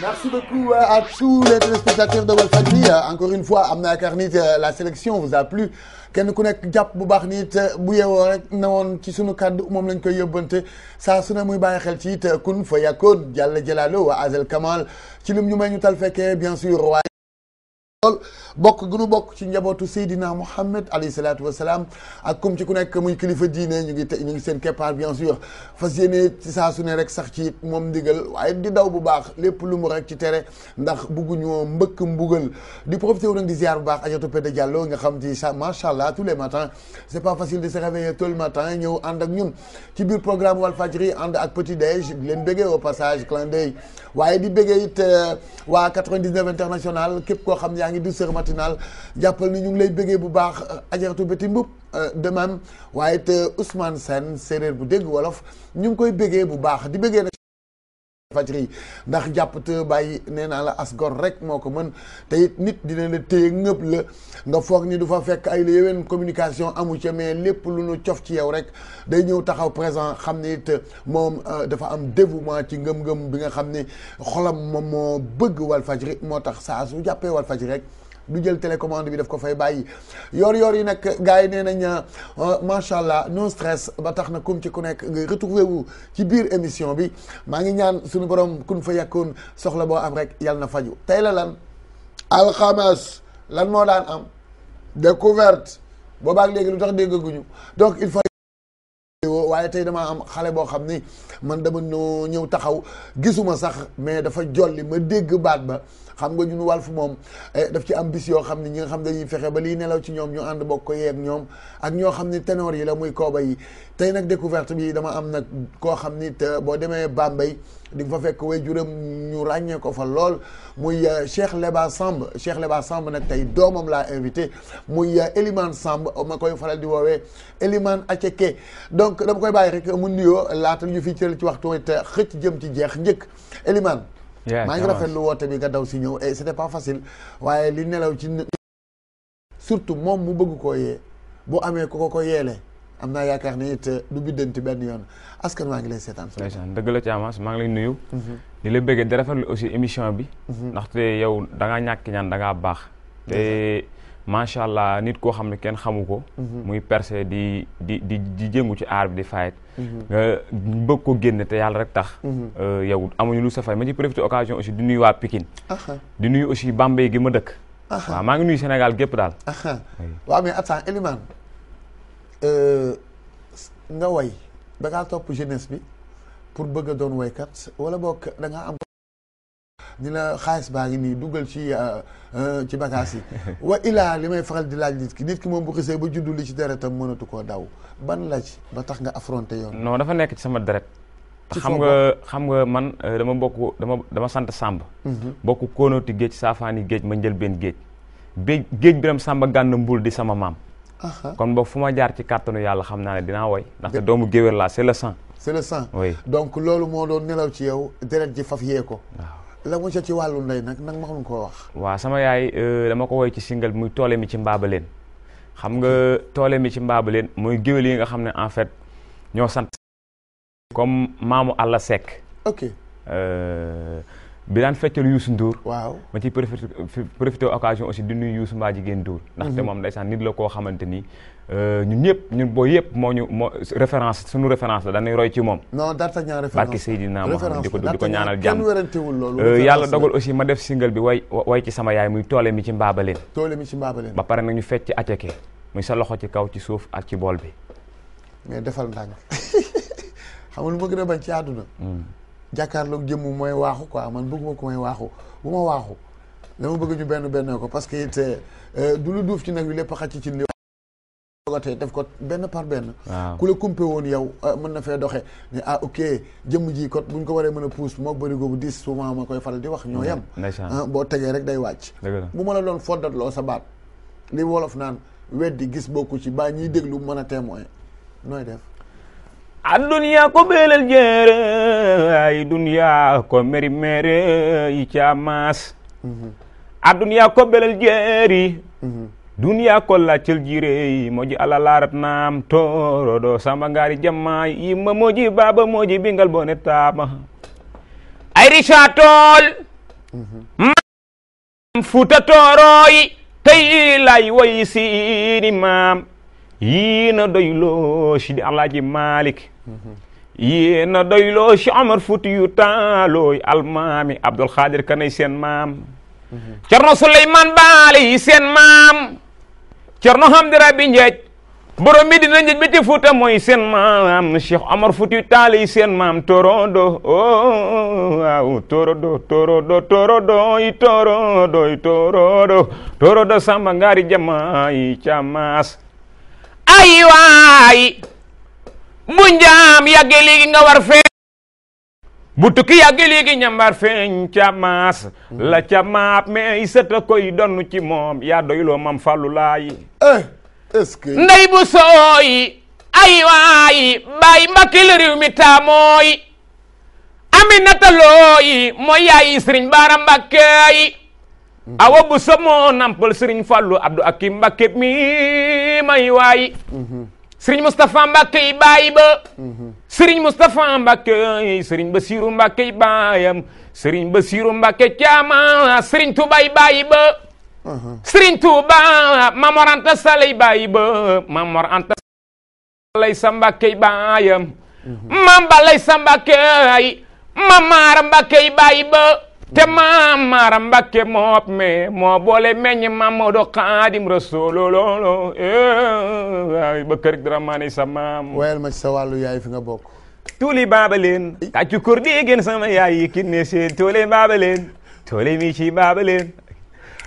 merci beaucoup euh, à tous les téléspectateurs de Walfadjri euh, encore une fois am na yaakaar ni euh, la sélection vous a plu kenn ku nekk jàpp bu baax nit bu yeewoo rek ne woon ci sunu kàddu moom lañ koy yóbbante sa su ne muy bàyyi xel ci it kun fa yakkoon Jalla Jalaalo wa Azel Kamal ci lim ñu may ñu tal fekkee bien sûr lool bokk gu nu bokk ci njabootu Seydina Mouhamed alayhi salaatu wa salaam ak comme ci ku nekk muy kilifa diine ñu ngi ñu ngi seen keppaar bien sûr fas yéene ne rek sax ci moom ndigal waaye di daw bu baax lépp lu mu rek ci tere ndax bugguñoo mbëkk mbugal di profité wu nag di ziar bu baax Adjatou Penda Diallo nga xam ci macha allah tous les matins c' est pas facile de se réveiller tôt le matin ñëw ànd ak ñun ci biir programme Walfadjri ànd ak euh, koo xam yaa ngi du sœur matinale jàppal ni ñu ngi lay bëggee bu baax euh, ajaratu béti mbub euh, de même waaye te euh, Ousmane seen séréer bu dégg wolof ñu ngi koy bëggee bu baax di bëggee nag fajri ndax jàpp te bàyyi nee naa la as gor rek moo ko mën te nit dina la téye ngëpp la nga foog ni du fa fekk ay la yeween communication amu ca mais lépp lu nu cof ci yow rek day ñëw taxaw présent xam ni it moom euh, dafa am dévouement ci ngëm-ngëm bi nga xam ne xolam moom moo bëgg wal fajri moo tax saa su jàppee wal fajri rek du jël télécommande bi daf ko fay bàyyi yoor yoor yi nag gars yi nee nañ ah, macha allah non stress ba tax na kum ci ku nekk ngay retrouvé wu ci biir émission bi maa ngi ñaan suñu borom kun fa yàkkoon soxla boo am rek yàlla na faju tey la lan alxames lan moo daan am découverte boobaak léegi lu tax déggaguñu donc il faut waaye tey damaa am xale boo xam ni man dama ñëw taxaw gisuma sax mais dafa jolli ma dégg baat ba xam nga ñun Walf moom eh, daf ci am bis yoo xam ne ñi nga xam dañuy fexe ba liy nelaw ci ñoom ñu ànd bokk ko yeeg ñoom ak ñoo xam ni ténor yi la muy kooba yi tey nag découverte bi dama am nag koo xam ni te boo demee Bambey di nga fa fekk we juram ñu ràññee ko fa lool muy euh, Cheikh Leba Samb Cheikh Leba Samb nag tey doomam laa invité muy euh, Elimane Samb ma koy faral di woowee Elimane Acheke donc dama koy bàyyi rek mu nuyoo laata ñu fi cëral ci waxtu te xëcc jëm ci jeex njëkk Elimane maa ngi rafetlu woote bi nga daw si ñëw et eh, c'était facile waaye li nelaw ci surtout moom mu bëgg koo yee bu amee ku ko ko yeele am naa yaakaar ne it eh, du biddanti benn yoon askan waa ngi lay seetaan ndeysaan dëgg la ci avance maa ngi lay nuyu li mm-hmm. la bëggee di rafetlu aussi émission bi mm-hmm. ndaxte yow da ngaa ñàkk ñaan da ngaa baax macha allah nit koo xam ne kenn xamu ko. Mhm. muy percé di di di di jëngu ci aar bi di fayet. Mhm. nga bëgg ko génne te yàlla rek tax. Mhm. Euh, yow amuñu lu sa ma ci profité occasion aussi di nuy waa Pikine. di nuyu aussi Bambey gi ma dëkk. waaw maa ngi nuyu Sénégal gépp daal. waaw mais attends Elimane euh, nga way da ngaa topp jeunesse bi pour bëgg a doon waykat wala boog da ngaa am. ni la xaalis baa ngi nii duggal ci euh, euh, ci bagages yi waa ilaa li may faral di laaj nit ki nit ki moom bu xisee ba juddu li ci deretam mënatu koo daw ban la ci ba tax nga affronté yoon non dafa nekk ci sama deret xam nga xam nga man euh, dama bokk dama dama sant sàmb mhm. bokk kóonooti géej saafaani géej ma njël benn géej géej géej biram sàmba gànn mbul di sama maam kon boog fu ma jaar ci kàttanu yàlla xam naa ne dinaa woy ndaxte doomu géwél laa c'est le sang c'est le sang oui donc loolu moo ci yow deret ji faf yee ko la mu ca ci wàllu ndey nag nag ma xam koo wax. waaw sama yaay euh, dama ko woy ci single muy toole mi ci leen xam nga toole mi ci mbaaba leen mooy géwél yi nga xam ne en fait ñoo sant. comme maamu àlla Seck. ok. Euh, bi daan feccal Youssou Ndour. waaw ma ci profité profité occasion aussi di nuyu Youssou mbaa jigéen Ndour. Mhm. ndaxte moom ndeysaan nit la koo xamante ni. Euh, ñun ñëpp ñun booy yëpp moo ñu moo référence suñu référence la dañuy roy ci moom. non D'Artagnan référence barki Seydina Mohamed di ko di ko ñaanal jàmm euh, yàlla dogal aussi ma def single bi way way ba pare nag sa loxo ci kaw ci suuf ak ci bool bi. mais defal ndànk xam nga lu ma gën a bañ ci àdduna. Hmm. jàkkaarloog jëmm mooy waaxu quoi man bëgguma ko may waaxu bu ma waaxu dama bëgg ñu benn benn ko parce que it euh, du lu duuf ci nag yu lépp xaj ci cin te def ko benn par benn ku la kumpe woon yow ah, mën na fee doxe ne ah ok jëmm ji kot buñ ko waree mën a puus mook bërigo bu diis souvent moo koy faral di wax ñoo mm-hmm. yem ah, boo tegee rek day wàcc bu ma la doon loo sa baat li wolof naan weddi gis bokku ci baa ñiy déglu mën a témoin nooy def adduniya ko beelel jeere ay duniya ko meri mere yi ca maas mm-hmm. adduniya ko beelel jeeri mm-hmm. duniyakol laccel jireyi moƴi allah larat nam toroɗo samba gaari jammayi imma moƴi baba moƴi ɓingal bonettama ay richa tol futa toroyi tawi lay woyi siini mam yino doylooshi alaji malik yino doylooshi omar futiyu taaloy almami abdoul hadir kanay sen mam ceerno souleyman baali sen mam Cerno Hamdi Rabi Njeej borom mi dina njëj ba ci Fuuta mooy seen maam Cheikh Omar Futi Taal yi seen maam torodo waaw torodo torodo torodo yi torodo yi torodo torodo samba ngaari jama camaas ay waay bu njaam yàggee léegi nga war fee bu tukki yàgg léegi ñambar feeñ ca la ca maap mais sët a koy donn ci moom yaa doyloo mam fàllu laay Eh, est-ce que ndey bu sooyi ay waayi bàyyi mbakki la réew mi aminata looyi mooy yaayi sëriñ baara mbakke yi mm-hmm. awa bu so moo nampal sëriñ fàllu abdou akim mbakke mi may waayi mm-hmm. sëriñ moustapha mbakke yi bàyyi ba mm-hmm. sëriñ moustapha mbakke yi sëriñ basiru mbakke yi baayam sëriñ basiru mbakke caama sëriñ Serigne Touba Mamor Anta Saley baay ba Mamor Anta Saley sa Mbàkke baayam maam Balay sa Mbàkke ay maam Maara Mbàkke baay ba te maam Maara Mbàkke moo moo boole meññ Mamadu Xaadim Rasuul loolo waay eh, ba kër dara maa ne sa maam. wayal ma ci sa wàllu yaay fi nga bokk. tuuli baabaleen. tàccu kur di gën sama yaay yi kinne seen tuuli baabaleen. tuuli mi ci baabaleen.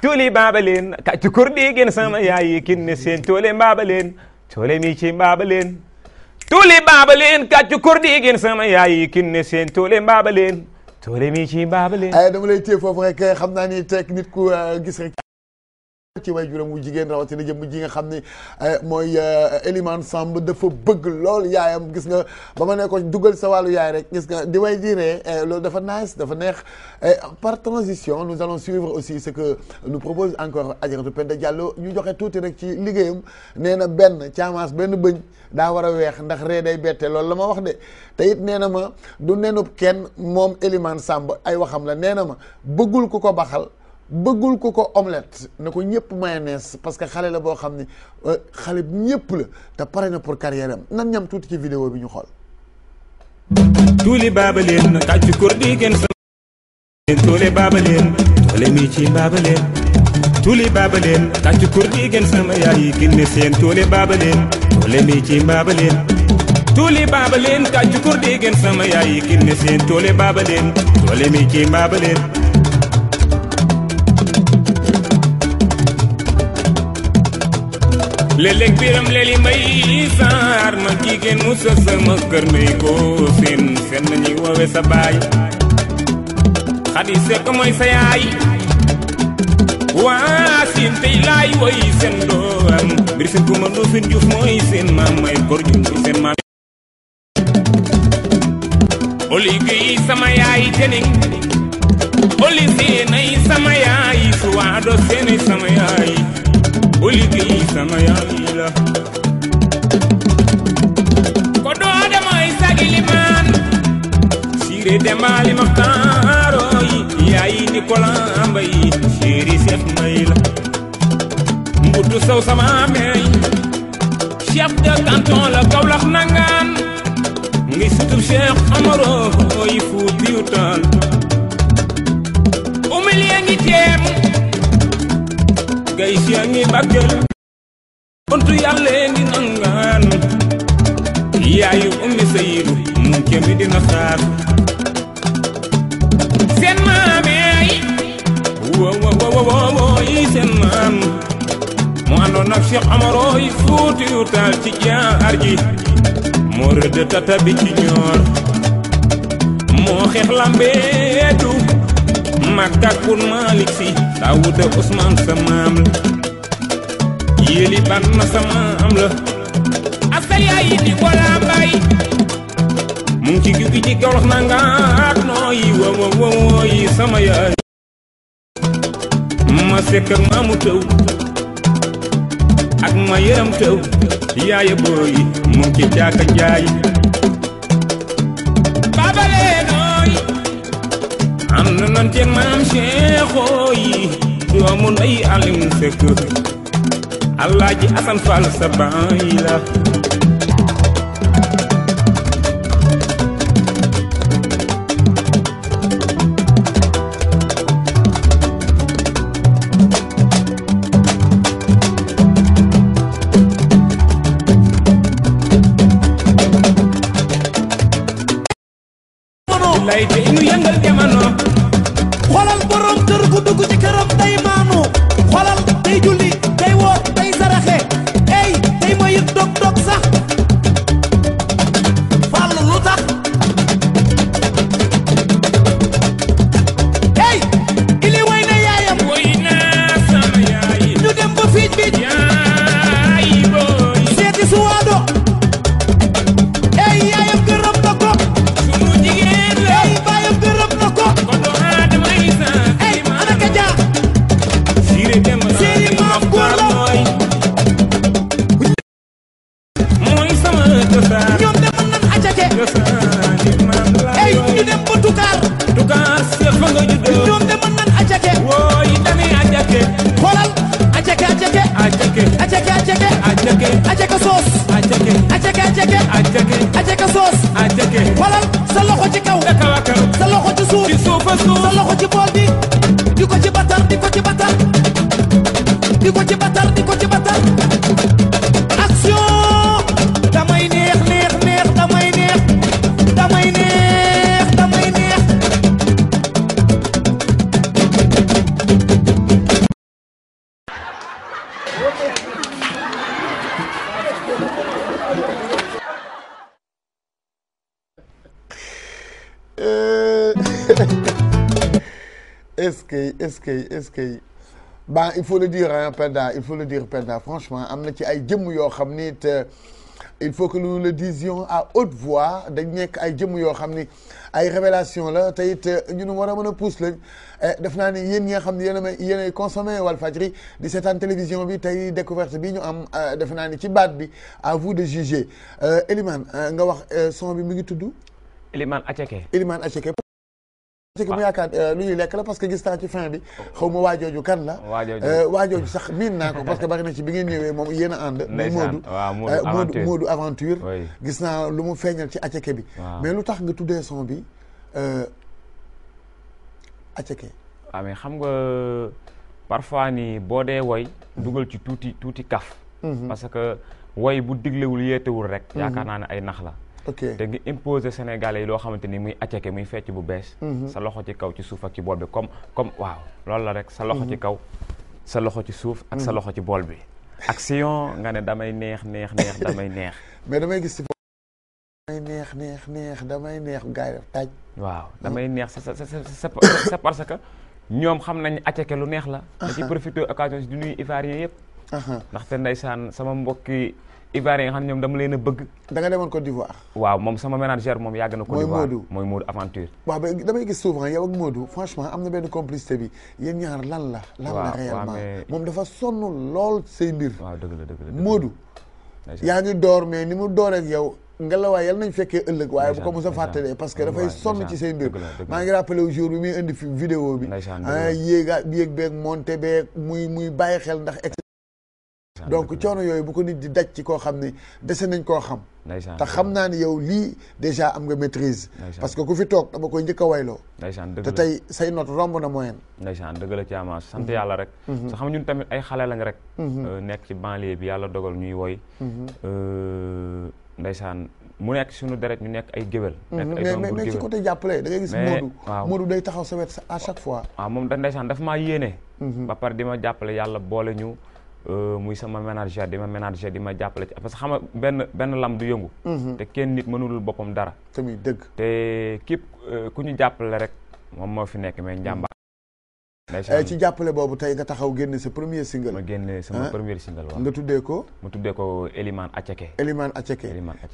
toli babaleen kaccu korɗegen sama yayi kinne sen tole babaleen tole mici babaleen tole babaleen kaccu korɗegen sama yayi kinne sen tole babaleen tole mici babaleen ay eh, dama lay téye foofu rek eh, xam naa ni teg nit ku eh, gis rek ci way juróom wu jigéen rawatina jëm ji nga xam ni eh, mooy eh, Elimane Samb dafa bëgg lool yaayam gis nga ba ma ne ko sa wàllu yaay rek gis nga di way di ree eh, loolu dafa nice dafa neex par transition nous allons suivre aussi ce que nous propose encore Adjaratou Penda jàlloo ñu joxe tuuti rek ci liggéeyam nee na benn caamaas benn bëñ daa war a weex ndax ree day bette loolu la ma wax de te it nee na ma du nenub kenn moom Elimane Samb ay waxam la nee na ma bëggul ku ko baxal bëggul ko ko omelette na ko ñëpp mayonnaise parce que xale la boo xam ne euh, xale ñëpp la te pare na pour carrière am nan ñam tuuti ci vidéo bi ñu xool tuuli baabaleen tàccu kur di gën sa tuuli baabaleen tuuli mi ci baabaleen tuuli baabaleen tàccu kur di gën sama yaay yi génne seen tuuli baabaleen tuuli mi ci baabaleen tuuli baabaleen tàccu kur di gën sama yaay yi génne seen tuuli baabaleen tuuli mi ci baabaleen léeg-léeg biram leeli mbay saar ma jigéen mu sër sama kër ndey ko seen seen nañuy woowe sa baay xadi sekk mooy sa yaay waa siin tey laay woy seen doom mbir seen ku ma doo seen juuf mooy seen maam may gor ju mooy seen maam oli géey sama yaay jëniŋ oli seenay sama yaay suwaado seenay sama yaay bu liggéey sama yaay la ko doo damay sagi limaan siire dembaali maxtaaro yi yaayi di yi siiri seex may mbutu sow sama meey chef de canton la Kaolack nangaan ngi sutub Cheikh Omaro yi fuutiyu taal umiliya ngi teem gay si a ngi Bakel ontu yàlla ngi nangaan yaayu ummi sayidu mu kemi dina xaar seen maameey wo seen maam mu àndoon ak Cheikh Amaro yi ci jaar ji moo rëdd tata ci ñoor moo xeex lambeetu ma Kun Malik Si Daawuda Usmaan sa maam la yéeli ban na sa la asta yaayi di golaa mbay mu ci jugi ci gorox na nga ak nooyi wawa wawooyi sama yaay ma sekk ak maamu tëw ak ma yëram tëw yaaya booyi mu ngi ci jaaka njaay ànd nañ ceeg mu Cheikho yi doomu ndey Alioune Seck Alaaji Asan Fall sa baay la loxo ci kaw sa loxo ci suuf sa loxo ci bool bi di ko ci batar di ko ci batar di ko ci batar est-ce que est-ce que ben il faut le dire hein Penda il le dire Penda franchement am na ci ay jëmm yoo xam ni te il faut que nous le disions à haute voix dañ nekk ay jëmm yoo xam ni ay révélation la te it euh, ñun war a mën a pousse lañ eh, def naa ni yéen ñi nga xam ne yéen a may yéen ay consommé Walfadjri di seetaan télévision bi tey découverte bi ñu am euh, def naa ni ci baat bi à vous de juger euh, Elimane nga wax son bi mi ngi tudd Elimane Acheke Elimane Acheke ci gi mu yaakaar euh, lu ñuy lekk la parce que gis naa ci fin bi xaw ma waajooju kan la euh, waajooju sax miin naa ko parce que bari na ci bi ngeen ñëwee moom yéen a ànd muy Modou Modou euh, Modou aventure gis naa lu mu feeñal ci aceke bi mais lu tax nga tuddee son bi aceke waaw ah, mais xam nga parfois ni boo dee woy dugal ci tuuti tuuti kaf mhm. parce que woy bu diglewul yeetewul rek mhm. yaakaar naa ne ay nax la ok te ngi imposer Sénégalais yi loo xamante ni muy acceke muy fecc bu bees. Mhm. sa loxo ci kaw ci suuf ak ci bool bi comme comme waaw loolu la rek sa loxo ci mhm. kaw sa loxo ci suuf ak sa mhm. loxo ci bool bi. action nga ne damay neex neex neex damay neex. mais damay gis ci neex neex neex damay neex gars yi taaj. waaw damay neex sa sa parce que ñoom xam nañu acceke lu neex la. da ci profité occasion si du nuyu Ivoiriens yëpp. ndaxte ndeysaan sama mbokki. Ivoirien ñoom dama leen bëgg. da nga demoon Côte d'Ivoire. moom sama manager moom yàgg na. Côte d'Ivoire mooy Modou mooy Modou aventure. waaw ba damay gis souvent am na benn complicité bi yéen lan la. moom dafa sonn lool say mbir. waaw dëgg la yaa ngi door mais ni mu door ak yow. ngelawaay yal nañ fekkee ëllëg waaye bu ko mos a fàttalee parce que dafay sonn ci seen mbir maa ngi rappelé au jour bi muy indi fi vidéo bi ah, yéega yéeg beeg monté beeg muy muy bàyyi xel ndax donc coono yooyu bu ko nit di daj ci koo xam ni dese nañ koo xam te xam naa ni yow lii déjà am nga maitrise parce que ku fi toog dama koy njëkk a wayloo te tey say note romb na moyenne ndeysaan dëgg la ci ama mhm. sant yàlla rek mhm. sa xam ñun tamit ay xale lañ rek mhm. euh, nekk ci banlieue bi yàlla dogal ñuy woy euh, ndeysaan mu nekk suñu deret ñu nekk ay géwél nekk ay mais mais ci côté jàppale da ngay gis taxaw sa à chaque fois waaw ah, moom da ndeysaan daf maa yéene ba pare di ma jàppale yàlla boole ñëw Euh, muy sama ménager di ma ménager di ma jàppale ci parce que xam benn benn lam du yëngu. Mhm. te kenn nit mënul boppam dara. tamit dëgg. te képp euh, ku ñu jàppale rek moom moo fi nekk mais njàmbaar. Eh, ci jàppale boobu tey nga taxaw génne sa premier single. ma génne sama eh? premier single waaw. nga tuddee ko. ma tuddee ko Eliman Acheke. Eliman Acheke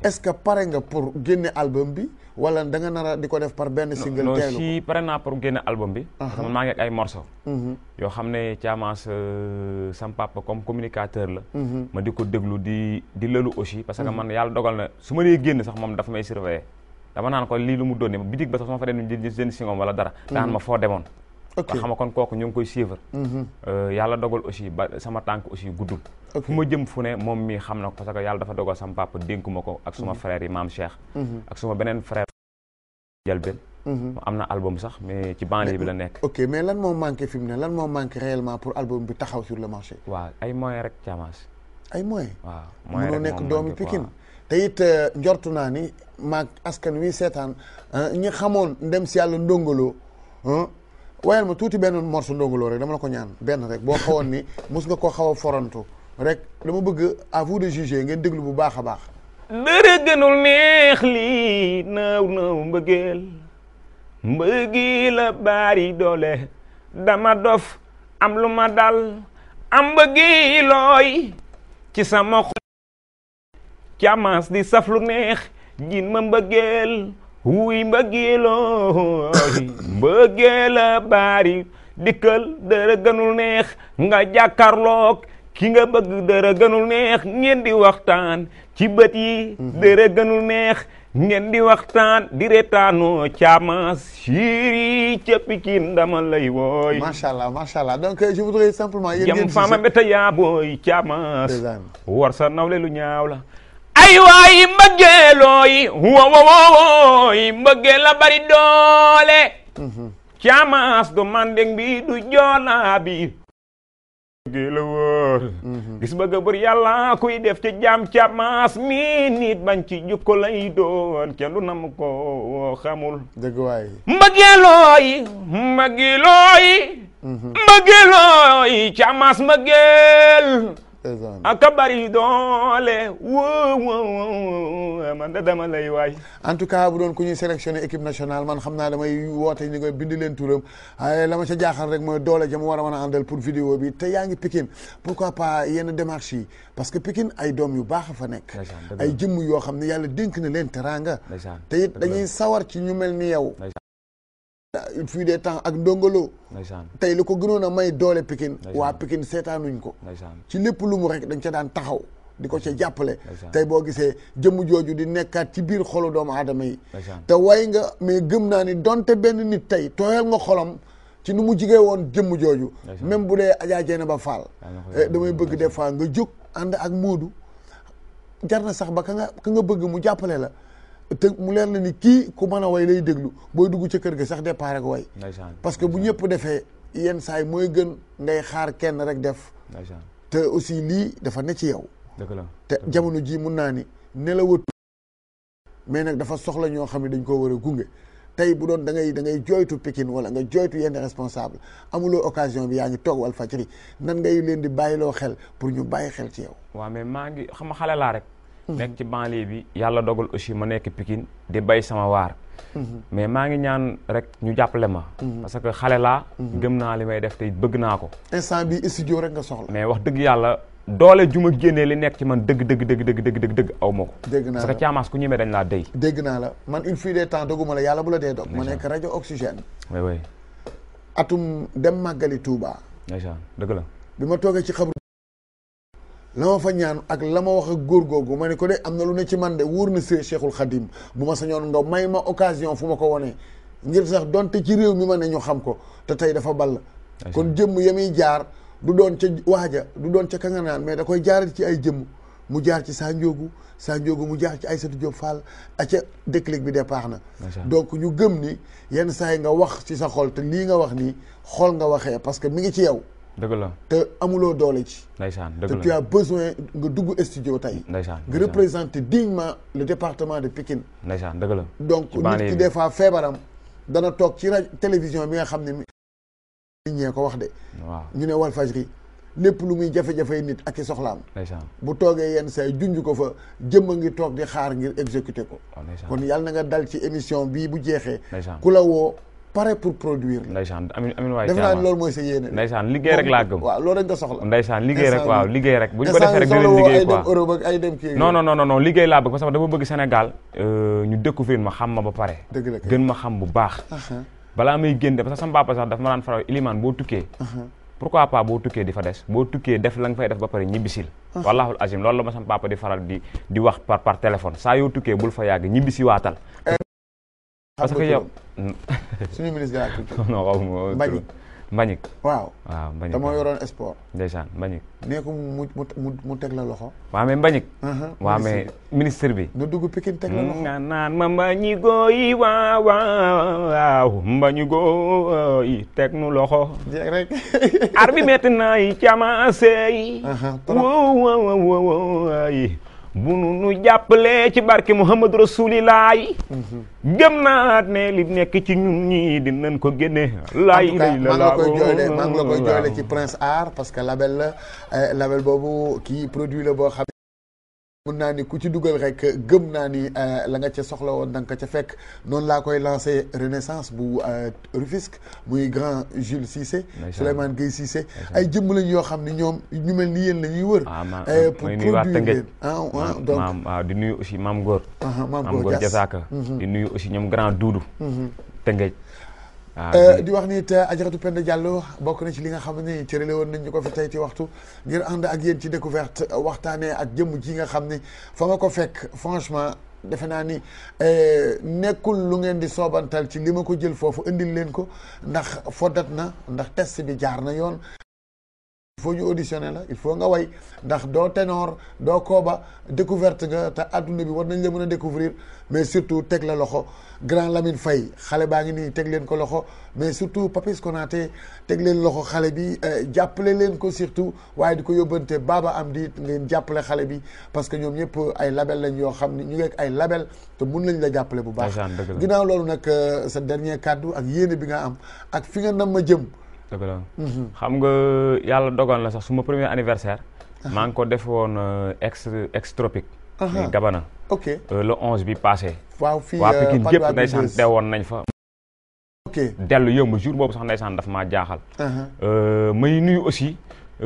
est-ce que pare nga pour génne album bi wala da nga nar di ko def par benn single. teelu ko non si bi. ma ah, ah. maa ngi ak ay morceaux. Mm-hmm. yoo xam ne Thiamas euh, sam papa comme communicateur la. Mm-hmm. ma di ko déglu di di lëlu aussi. parce que mm-hmm. man yàlla dogal na su ma dee génn sax moom dafa may surveiller dama naan ko lii lu mu doon bitig ba sax su wala dara. daan ma foo demoon. ok nga xam kon kooku ñu ngi koy suivre. Mhm. Euh, yàlla dogal aussi ba sama tànk aussi guddul. fu ma jëm fu moom mii xam na ko parce que yàlla dafa dogal sama papa dénku ma ko. ak suma mhm. frère yi maam Cheikh. Mhm. ak suma beneen frère. Jalbel. am bi la nekk. ok mais lan moo manqué fi mu ne lan moo manqué réellement pour album bi taxaw sur le marché. waaw ay moyens rek caamaas. ay moyens. waaw moyens a nekk doomi Pikine te it euh, njortu naa ni maag askan wi seetaan ñi xamoon ndem si yàlla ndongolo. wayal ma tuuti benn morceau Ndongo Lo rek dama la ko ñaan benn rek boo xawoon ni mos nga ko xaw a forantu rek dama bëgg à vous de bu baax a baax dara gënul doole dama dof am lu ma dal am mbëggeel looy ci sama xol càmmaas di saf lu neex jin ma mbëggeel wuy mbëggeel mbëggee la baari dikkal dara gënul neex nga jàkkarloog ki nga bëgg dara gënul neex ngeen di waxtaan ci bët yi mhm. dara gënul neex ngeen di waxtaan di retaanoo caamas siiri ca Pikine dama lay wooy macha allah macha allah donc euh, jam faama mbéta yaa booy caamas nawle lu ñaaw la ay waay mbëggeelooy wa wa doole caamaas du manding bi du joolaa bi gis bëgg bur yàlla koy def ci jaam caamaas mi nit ci jub ko lay doon kenn du nam ko xamul dëgg waay mbëggeelooyi mbëggeelooyi mhm. mbëggeelooyi caamaas mbëggeel akabar yi doole woo man da dama lay waay. en tout cas bu doon ku ñuy sélectionné équipe nationale man xam naa damay woote ñu koy bind leen turam la ma ca jaaxal rek mooy doole ja mu war a mën a àndal pour vidéo bi te yaa ngi Pikine pourquoi pas yenn démarches yi parce que Pikine ay doom yu baax fa nekk. ay jëmm yoo xam ne yàlla dénk na leen teraanga. te it dañuy sawar ci ñu mel ni yow. fii des temps ak ndongolo. tey li ko gënoon a may doole pikin waa Pikine seetaanuñ ko ci lépp lu mu rek dañ ca daan taxaw di ko ca jàppale tey boo gisee jëm jooju di nekkaat ci biir xolu doomu aadama yi te way nga mais gëm naa ni donte benn nit tey tooyal nga xolam ci nu mu jigee woon jëmm jooju même bu dee na ba Fall eh, damay bëgg des fois nga jóg ànd ak Moodu jar na sax ba ka nga ka nga bëgg mu jàppale la te mu leen la ni kii ku mën a way lay déglu booy dugg ca kër gi sax départ ak way parce que bu ñëpp defee yenn saay mooy gën ngay xaar kenn rek def te aussi lii dafa ne ci yow dëgg la te jamono jii mun naa ni ne la mais nag dafa soxla ñoo xam ne dañ koo war a gunge tey bu doon da ngay da ngay jooytu Pikine wala nga jooytu yenn responsable amuloo occasion bi yaa ngi toog Walfadjri nan ngay leen di bàyyiloo xel pour ñu bàyyi xel ci yow waa mais maa ngi xam xale rek Hmm. nekk ci banlieue bi yàlla dogal aussi ma nekk Pikine di bay sama waar hmm. mais maa ngi ñaan rek ñu jàppale ma hmm. parce que xale laa gëm naa li may def te bëgg naa ko instant bi studio rek nga soxla mais wax dëgg yàlla doole juma ma génnee li nekk ci man dëgg dëgg dëgg dëgg dëgg dëgg dëgg aw ma ko dégg naa la parce que caamaas ku ñemee dañ laa dey dégg naa la man une fille des temps doguma la yàlla bu la dee dog ma nekk rajo oxygène oui oui atum dem màggali tuuba dëgg la bi ma toogee ci xabru la ma fa ñaan ak la ma wax ak góor googu ma ne ko de am na lu ne ci man de wóor na see Cheikhul Khadim bu ma sañoon nga may ma occasion fu ma ko wanee ngir sax donte ci réew mi ma ne ñu xam ko te tey dafa ball kon jëmm yamuy jaar du doon ca waaja du doon ca kanga naan mais da koy jaarat ci ay jëm mu jaar ci saa njóogu saa njóogu mu jaar ci Aïssatou Diop Fall aca déclic bi paax na donc ñu gëm ni yenn saa yi nga wax ci sa xol te lii nga wax nii xol nga waxee parce que mi ngi ci yow dëgg la te amuloo doole ci. ndeysaan dëgg la te tu as besoin nga dugg studio tey. ndeysaan nga représenter dignement le département de Pikine. ndeysaan dëgg la donc nit ki des fois feebaram dana toog ci rajo télévision bi nga xam ne. nit ñee ko wax de. waaw ñu ne Walfadjri lépp lu muy jafe-jafe nit ak i soxlaam. bu toogee yenn say junj ko fa jëmm ngi toog di xaar ngir exécuter ko. kon yàlla na nga dal ci émission bii bu jeexee. ku la woo. pare pour produire la. ndeysaan amin amin waay def naa loolu mooy sa yéene. ndeysaan liggéey rek laa gëm. waaw loolu rek nga soxla. ndeysaan liggéey rek waaw liggéey rek. bu ñu ko defee rek dinañ liggéey quoi Europe liggéey laa bëgg parce que dama bëgg Sénégal. Euh, ñu xam ma ba pare. dëgg la gën ma xam bu baax. Uh-huh. balaa may génn parce que sama papa sax daf ma daan faral ilimaan boo tukkee. Uh-huh. pourquoi pas boo tukkee di fa des boo tukkee def la nga fay def ba pare ñibbisil uh-huh. wallaahu azim loolu la ma sama papa di faral di wax par par téléphone saa yoo tukkee bul fa yàgg ñibbisi waatal eh, parce que yow. suñu ministre de la culture. non xaw ma Mbagnick Mbagnick. waaw waaw Mbagnick dama yoroon sport. ndeysaan Mbagnick. nee ko mu mu mu teg la loxo. waaw mais Mbagnick. waaw mais ministre bi. nu dugg Pikine teg la loxo. naan naan ma Mbagnigoo yi waaw waaw Mbagnigoo yi teg nu loxo. jeex rek. ar bi métti na yi camaase yi. trop woo woo woo woo yi. bu nu jàppalee ci barke Muhammad rasulilaay gëm naa ne li nekk ci ñun ñii dinañ ko génne. laay lay la la koy jooyle maa ngi jooyle ci Prince Art parce que label la eh, label boobu kii produit la boo xam. mun naa ni ku ci dugal rek gëm naa ni euh, la nga ca soxla woon da nga ca fekk noonu laa koy lancé renaissance bu euh, Rufisque muy grand Jules Cissé Souleymane Gueye Cissé ay jëmm lañ yoo xam ne ñoom ñu mel ni yéen la ñuy wër ah, euh, pour produire leen ah ah donc maam di nuyu aussi maam Góor ah, maam Góor Diasaka mm-hmm. di nuyu aussi ñoom grand Doudou mm-hmm. Tëngéej Ah, euh, di wax ni it Ajaratu Penda Diallo bokk na ci li nga xam ne cërale woon nañ ñu ko fi tey ti waxtu ngir ànd ak yéen ci découverte waxtaanee ak jëmm ji nga xam ni fa nga ko fekk franchement defe naa ni euh, nekkul lu ngeen di soobantal ci li ma ko jël foofu indil leen ko ndax foddat na ndax test bi jaar na yoon il faut ñu auditionné la il faut nga way ndax doo ténor doo kooba découverte nga te adduna bi war nañ la mën a découvrir mais surtout teg la loxo grand Lamine fay xale baa ngi nii teg leen ko loxo mais surtout Papis Konaté teg leen loxo xale bi euh, jàppale leen ko surtout waaye di ko yóbbante am di ngeen jàppale xale bi parce que ñoom ñëpp ay label lañ yoo xam ne ñu ngeek ay label te mun nañ la jàppale bu baax ginnaaw loolu nag euh, sa dernier kàddu ak yéene bi nga am ak fi nga nam jëm dëgg la mhm. xam nga yàlla dogal na sax suma premier anniversaire. maa ngi ko def woon euh, ex ex tropique. Gabana. la euh, le onze bi passé. waaw fii waa euh, Pikine yëpp ndeysaan deewoon nañ fa. ok dellu yëmb jour boobu sax ndeysaan daf maa jaaxal. may nuyu aussi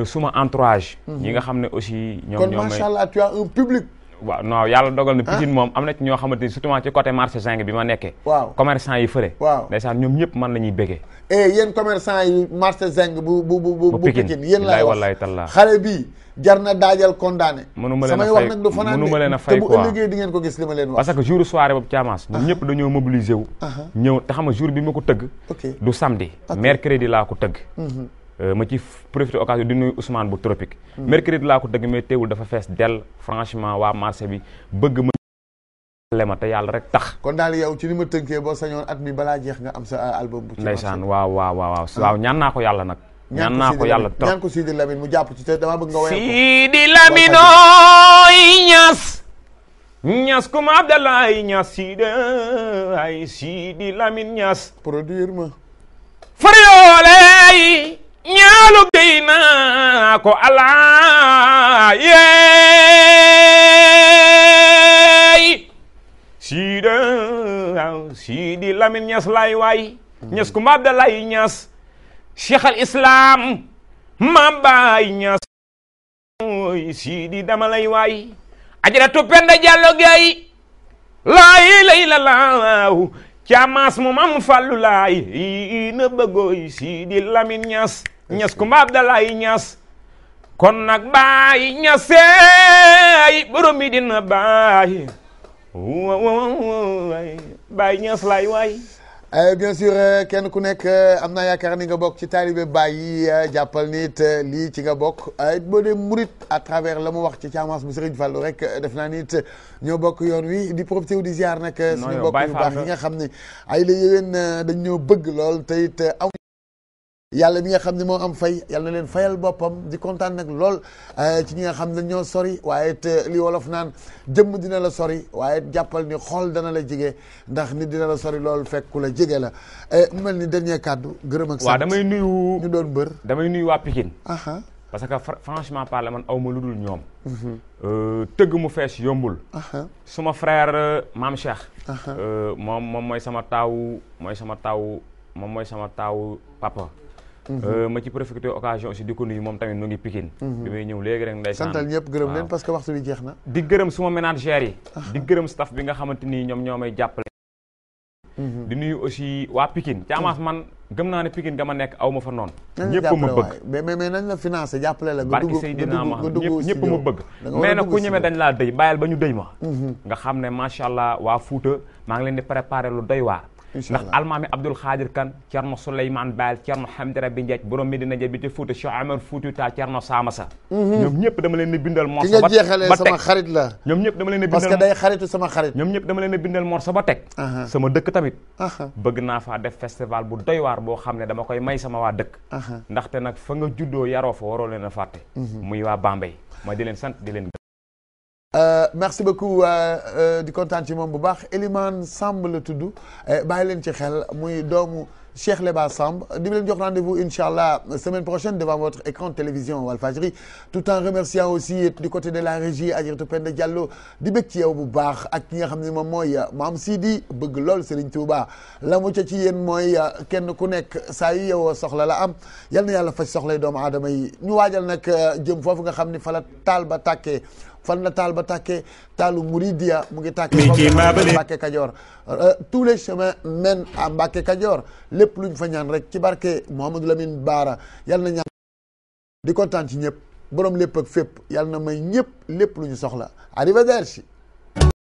suma entourage. Mhm. ñi nga xam ne aussi ñoom ñoom. waaw non yàlla dogal na ah. Pikine moom am na ci ñoo xamante ni surtout ci côté marché zinc bi ma nekkee waaw commerçant yi fële waaw ndeysaan ñoom ñëpp man la ñuy béggee eh yéen commerçant yi marché zinc bu bu bu bu Pikine yéen laay wallaay xale bii jar na daajal condamné mënuma leen a fay samay wax nag a fay quoi te bu ëllëgee di ngeen ko gis li ma leen wax parce que jour soirée boobu Thiamas ñoom ah. ñëpp dañoo mobiliser ah. ñëw te xam nga jour bi ma ko tëgg du samedi mercredi laa ko tëgg mhm. Euh, ma ci profité occasion di nuyu Ousmane bu tropique mercredi laa ko dëgg mais teewul dafa fees dell franchement waa marché bi bëgg ma lema te yàlla rek tax kon daal yow ci ni ma tënkee boo sañoon at mi balaa jeex nga am sa album bu ci ndeysaan waaw waaw ah. ko yàlla nag ñaan naa ko yàlla trop ñaan ko Sidi Lamine mu jàpp ci te dama bëgg nga woyal ko Sidi Lamine ooy ñas ñas ku ma Abdalaay ñas Sidi ay Sidi Lamine ñas ñaalu géy naa ko allah yeey siida siidi ñas laay ñas ku mbaab ñas cheikh al maam baay ñas siidi dama lay ajara tu penda jàllo géy lay lay la laaw caamaas mu mam fàllu laay yi na bëggooy si di lamin ñas ñas ku mbaab dalaay ñas kon nag baay ñaseey borom mi dina baay baay ñas laay waay Euh, bien sûr euh, kenn ku nekk euh, am na yaakaar ni nga bokk ci taalibe bàyyi yi jàppal nit lii ci nga bokk boo dee murit à travers la mu wax ci caamaas bu Serigne Fallou rek def naa nit ñoo bokk yoon wi di profité wu di ziar nag. suñu bokk yu baax yi nga xam ni ay la yéwén dañ ñoo bëgg lool te it yàlla mi nga xam ne moo am fay yàlla na leen fayal boppam di kontaan nag lool eh, ci ñi nga xam ne ñoo sori waaye te eh, li wolof naan jëmm dina la sori waaye jàppal ni xool dana la jege ndax nit dina la sori lool fekku la jege la eh, mu mel ni dernier kàddu gërëm ak sant damay nuyu ñu doon bër damay nuyu waa Pikine parce que franchement parler man aw ma lu dul ñoom mhm. euh, tëgg mu fees yombul suma frère euh, Maam Cheikh euh, moom moom mooy sama taaw mooy sama taaw moom mooy sama taaw papa Euh, mhm. ma ci profité occasion di ko nuyu moom tamit mu ngi Pikine mhm. bi may ñëw léegi rek ndeysaan santal ñëpp gërëm leen parce que waxtu bi jeex na di gërëm suma ménagère yi ah. di gërëm bi nga xamante nii ñoom ñoo may jàppale mhm. di nuyu aussi waa Pikine caamaas man gëm naa ne Pikine nga ma nekk aw ma fa noon ñëpp ma bëgg mais nañ la financé jàppale la barki Seydina Muhammad ñëpp ma bëgg mais nag ku ñeme dañ laa dëy bàyyil ba ñu dëy ma nga xam ne macha allah waa Fuuta maa ngi leen di préparé lu doy waa ndax almaami Abdul Xaadir Kan Cerno Souleymane Baal Cerno Hamdara bi Njaaj borom Medina Njaay bi te Fuuta Cheikh Amar Fuuti Taal Cerno Samasa mhm. ñoom ñëpp dama leen ne bindal morso ba teg ki nga jeexalee sama xarit ñoom ñëpp dama leen ne bindal morso ba teg sama dëkk tamit bëgg naa faa def festival bu doy waar boo xam ne dama koy may sama waa dëkk ndaxte nag fa nga juddoo yaroo fa waroo leen a fàtte mhm. muy waa Bambey ma di leen sant di leen Euh, merci beaucoup euh, euh, di kontaan ci moom bu baax Elimane Samb la tudd eh, bàyyi leen ci xel muy doomu Cheikh Leba Samb di leen jox rendez-vous incha allah semaine prochaine devant votre écran de télévision Walfadjri tout en remerciant aussi du côté de la régie Adjaratou Penda Diallo di bëgg ci yow bu baax ak nga xam ne moom mooy maam Sidi bëgg lool Serigne Touba la mu ci yéen mooy kenn ku nekk saa yu yow soxla la am yal na yàlla faj soxla doomu aadama yi ñu waajal nag jëm foofu nga xam ne fa taal ba tàkkee. fan la taal ba tàkkee taalu Mouridia mu ngi tàkkee Mbàkke Kajoor euh, tous les chemins mènent à Mbàkke Kajoor lépp luñ fa ñaan rek ci barke Mouhamadou Lamine Baara yal na ñaan di kontaan ci ñëpp borom lépp ak fépp yal na may ñëpp lépp lu ñu soxla arrivederci